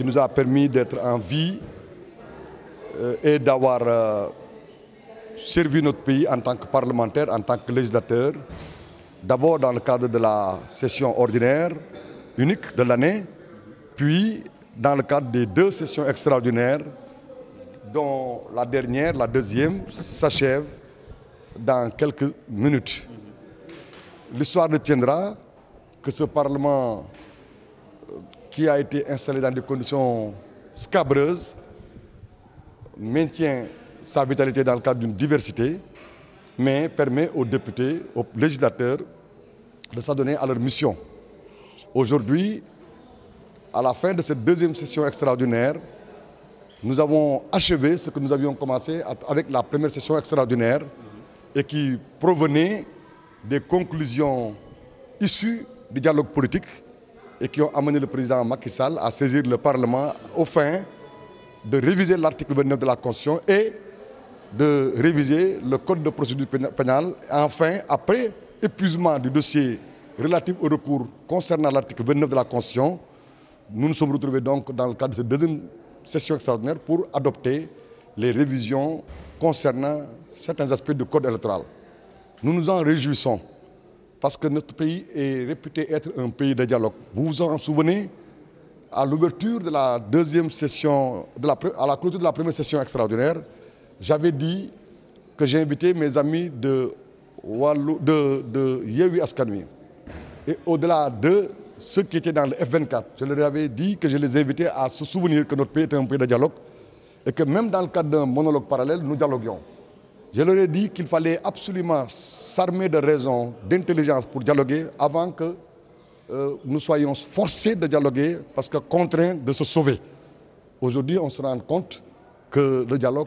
qui nous a permis d'être en vie euh, et d'avoir euh, servi notre pays en tant que parlementaire, en tant que législateur, d'abord dans le cadre de la session ordinaire unique de l'année, puis dans le cadre des deux sessions extraordinaires, dont la dernière, la deuxième, s'achève dans quelques minutes. L'histoire ne tiendra que ce Parlement qui a été installé dans des conditions scabreuses, maintient sa vitalité dans le cadre d'une diversité, mais permet aux députés, aux législateurs de s'adonner à leur mission. Aujourd'hui, à la fin de cette deuxième session extraordinaire, nous avons achevé ce que nous avions commencé avec la première session extraordinaire et qui provenait des conclusions issues du dialogue politique et qui ont amené le président Macky Sall à saisir le Parlement au fin de réviser l'article 29 de la Constitution et de réviser le code de procédure pénale. Enfin, après épuisement du dossier relatif au recours concernant l'article 29 de la Constitution, nous nous sommes retrouvés donc dans le cadre de cette deuxième session extraordinaire pour adopter les révisions concernant certains aspects du code électoral. Nous nous en réjouissons parce que notre pays est réputé être un pays de dialogue. Vous vous en souvenez, à l'ouverture de la deuxième session, à la clôture de la première session extraordinaire, j'avais dit que j'ai invité mes amis de, Walu, de, Et au-delà de ceux qui étaient dans le F24, je leur avais dit que je les invitais à se souvenir que notre pays était un pays de dialogue et que même dans le cadre d'un monologue parallèle, nous dialoguions. Je leur ai dit qu'il fallait absolument s'armer de raisons, d'intelligence pour dialoguer avant que euh, nous soyons forcés de dialoguer parce que contraints de se sauver. Aujourd'hui, on se rend compte que le dialogue,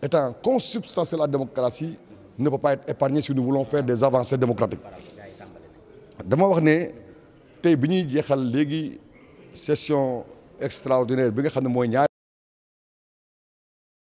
étant consubstantiel à la démocratie, ne peut pas être épargné si nous voulons faire des avancées démocratiques. dama session extraordinaire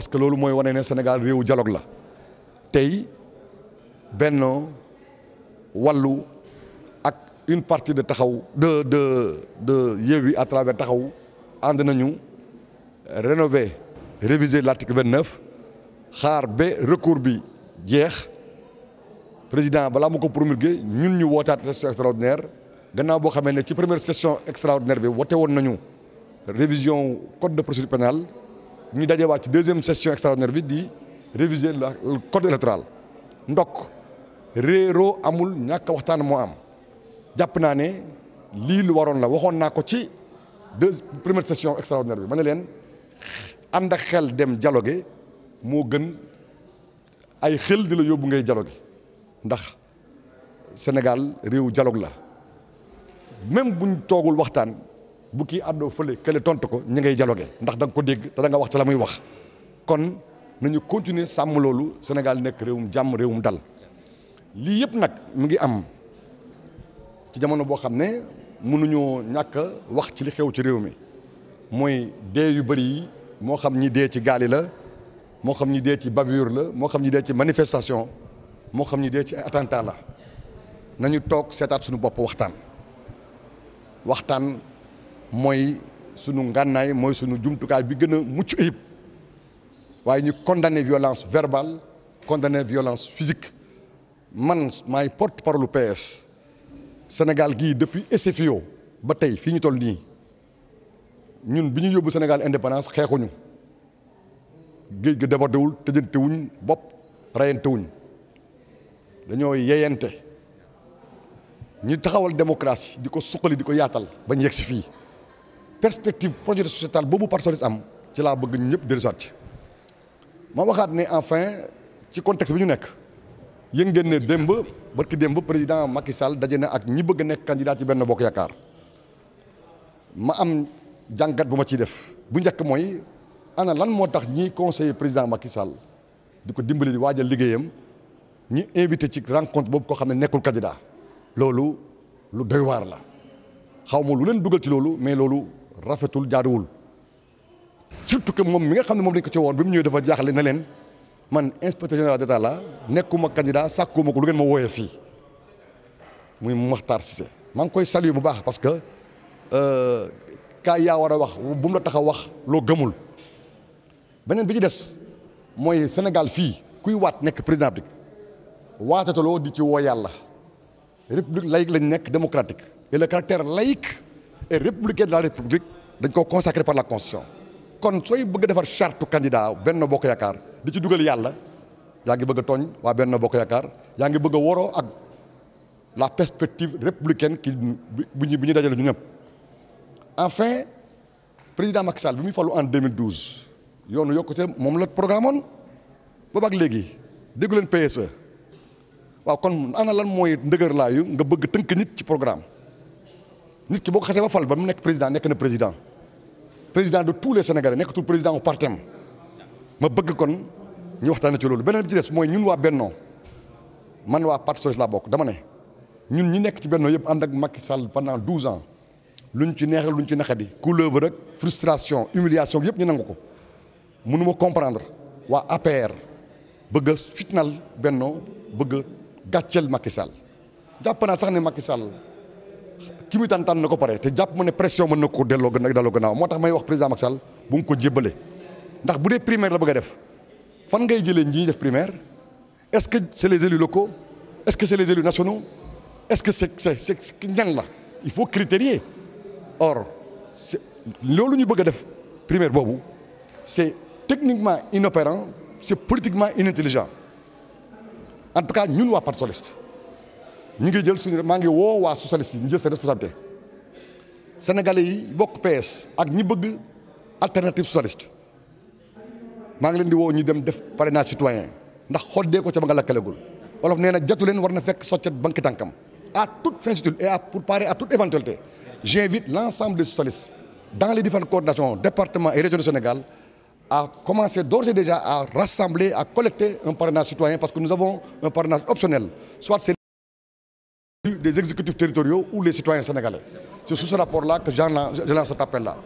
parce que lolu moy wane né Sénégal réewu dialogue la tay Benno Wallou ak une partie de taxaw de de de à travers taxaw and nañu rénover réviser l'article 29, neuf xaar ba recours bi jeex président bala mako ko promulguer ñun ñu wotat session extraordinaire gannaaw bo xamé né ci première session extraordinaire bi woté won nañu révision code de procédure pénale ñu dajewaat ci deuxième session extraordinaire bi di réviser le code électoral ndokk réeroo amul ñàkk waxtaan moo am jàpp naa ne lii lu waroon la waxoon naa ko ci deux première session extraordinaire bi ma ne leen ànd ak xel dem jaloge moo gën ay xel di la yóbbu ngay dialogue ndax Sénégal réew jalog la même buñ toogul waxtaan. bu kii àddoo fële kële tontu ko ñi ngay dialogué ndax danga nga ko dégg te da wax ci la muy wax kon nañu continuer sàmm loolu Sénégal nekk réewum jàmm réewum dal lii yëpp nag mu ngi am ci jamono boo xam ne mënuñoo ñàkk wax ci li xew ci réew mi mooy dee yu bëri yi moo xam ñi dee ci gaali la moo xam ñi dee ci bavure la moo xam ñi dee ci manifestation moo xam ñi dee ci attentat la nañu toog seetaat suñu bopp waxtaan waxtaan moy suñu ngànnaay moy suñu jumtukaay bi gëna muccu mucc waye ñu condamner violence verbale condamner violence physique man may porte parole PS Sénégal gi depuis SFIO ba tay fii ñu toll ni ñun biñu ñu Sénégal indépendance xeexuñu géej gi débordewul bop bopp rayantewuñ dañoo yeyante ñi taxawal démocratie diko ko suqali di yaatal bañ yegg fi perspective projet sociétal boobu Parti am ci laa bëgg ñëpp dellusiwaat ci ma waxaat ne enfin ci contexte bi ñu nekk yëg ngeen ne démb barki démb président Macky Sall daje na ak ñi bëgg a nekk candidat ci benn bokk yaakaar ma am jàngat bu ma ci def bu njëkk mooy ana lan moo tax ñiy conseiller président Macky Sall di ko dimbali di waajal liggéeyam ñi invité ci rencontre boobu koo xam ne nekkul candidat loolu lu doy waar la xaw ma lu leen dugal ci loolu mais loolu. rafetul jaaduwul surtout que moom mi nga xam ne moom dañ ko ci woon bi mu ñëwee dafa jaaxle na leen man inspecteur général d'état la nekkuma candidat sàkkuma ko lu ngeen ma wooyee fii muy Makhtar Cissé maa ngi koy saluer bu baax parce que kaay euh, yaa war a wax bu mu la tax wax loo gëmul beneen bi ci des mooy Sénégal fii kuy waat nekk président Abdick waatatuloo di ci woo yàlla république laïque lañ nekk démocratique et le caractère et républicain de la république sont par la constitution Quand vous voulez faire une charte candidat candidats, bokk yakar, di ci Vous avez bëgg a bokk yakar bëgg ak la perspective républicaine qui buñu ñu dajale enfin président Macky Sall bi fallu en 2012 yoonu yokute mom la programme oon bak léegi PSE wa kon ana lan ndëgeur la yu nga bëgg tënk nit ci programme nit ki boo xasse ba fal ba mu nek président nek na président président de tous les sénégalais nek tout président au partem ma bëgg kon ñu waxtaanee ci lolu beneen bi ci des mooy ñun wa benno man wa parti socialiste laa bokk dama ne ñun ñi nek ci benno yëpp and ak Macky Sall pendant 12 ans luñ ci neexal luñ ci naqadi couleuvre rek frustration humiliation yëpp ñu nangu ko mënu ma comprendre wa APR bëgg fitnal benno bëgg a Macky Sall jàpp na sax ne Macky Sall qui m'entendent tànn tànn na ko pare te jàpp ma pression mën na ko delloo gën a delloo may wax président Macky Sall bu mu ko jébbale ndax bu primaire la bëgg def fan ngay ñi primaire est-ce que c'est les élus locaux est-ce que c'est les élus nationaux est-ce que c'est c'est c'est ñan là? il faut critérier or ce que ñu bëgg def primaire c'est techniquement inopérant c'est politiquement inintelligent en tout cas nous ñun pas de l'est ñu ngi jël suñu maa ngi woo socialiste yi ñu jël seen responsabilité sénégalais yi bokk PS ak ñi bëgg alternative socialiste maa ngi leen di woo ñu dem def parrainage citoyen ndax xoddee ko ca ba nga lakkalegul wolof nee na jatu leen war na fekk soccet banque tànkam à toute fin et à pour parer à toute éventualité j'invite l'ensemble des socialistes dans les différentes coordinations départements et régions du Sénégal à commencer d'ores et déjà à rassembler, à collecter un parrainage citoyen parce que nous avons un parrainage optionnel. Soit des exécutifs territoriaux ou les citoyens sénégalais. C'est sous ce rapport-là que j'ai lance cet appel-là.